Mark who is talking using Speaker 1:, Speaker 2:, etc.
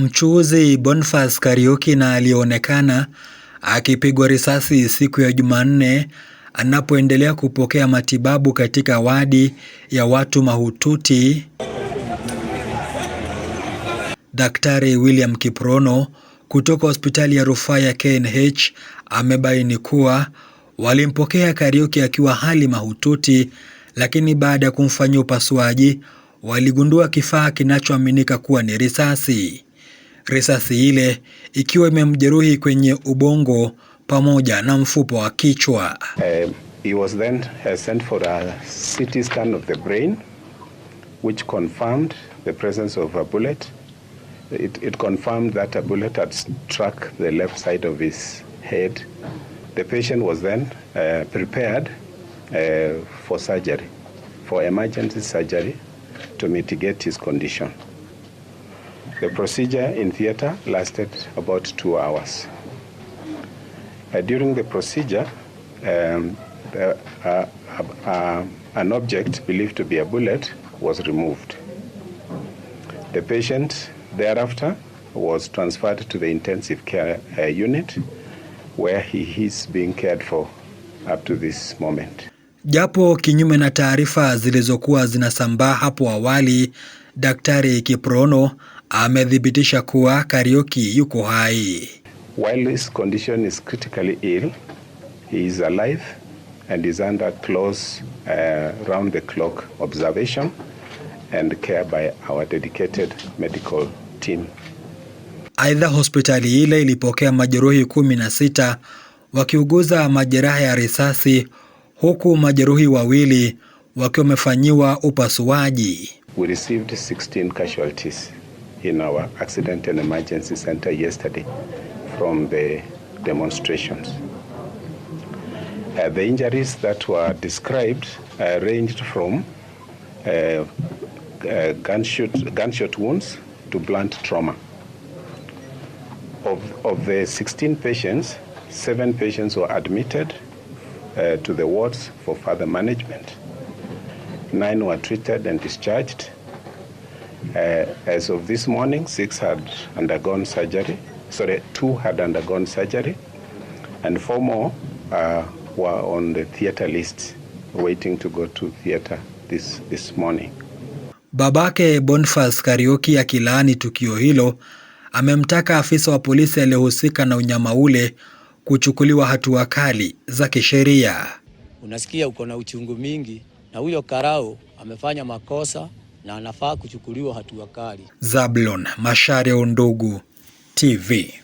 Speaker 1: Mchuuzi Boniface Kariuki na alionekana akipigwa risasi siku ya Jumanne anapoendelea kupokea matibabu katika wadi ya watu mahututi. Daktari William Kiprono kutoka hospitali ya rufaa ya KNH amebaini kuwa walimpokea Kariuki akiwa hali mahututi, lakini baada ya kumfanyia upasuaji waligundua kifaa kinachoaminika kuwa ni risasi risasi ile ikiwa imemjeruhi kwenye ubongo pamoja na mfupa wa kichwa. Um,
Speaker 2: he was then uh, sent for a CT scan of the brain which confirmed the presence of a bullet. It, it confirmed that a bullet had struck the left side of his head. The patient was then uh, prepared uh, for surgery, for emergency surgery to mitigate his condition. The procedure in theatre lasted about two hours. Uh, during the procedure, um, the, uh, uh, uh, an object believed to be a bullet was removed. The patient thereafter was transferred to the intensive care uh, unit where he is being cared for up to this moment.
Speaker 1: Japo kinyume na taarifa zilizokuwa zinasambaa hapo awali, Daktari Kiprono amethibitisha kuwa Kariuki yuko hai.
Speaker 2: While his condition is critically ill, he is alive and is under close uh, round the clock observation and care by our dedicated medical team.
Speaker 1: Aidha, hospitali ile ilipokea majeruhi kumi na sita wakiuguza majeraha ya risasi huku majeruhi wawili wakiwa wamefanyiwa upasuaji.
Speaker 2: We received 16 casualties. in our accident and emergency center yesterday from the demonstrations. Uh, the injuries that were described uh, ranged from uh, uh gunshot, gunshot wounds to blunt trauma. Of, of the 16 patients, seven patients were admitted uh, to the wards for further management. Nine were treated and discharged. Uh, as of this morning, six had undergone surgery. Sorry, two had undergone surgery, and four more uh, were on the theater list, waiting to go to theater this, this morning.
Speaker 1: Babake Bonfas Karioki akilaani tukio hilo amemtaka afisa wa polisi aliyehusika na unyama ule kuchukuliwa hatua kali za kisheria.
Speaker 3: Unasikia uko na uchungu mingi, na huyo karao amefanya makosa na anafaa kuchukuliwa hatua kali.
Speaker 1: Zablon Mashare Undugu TV.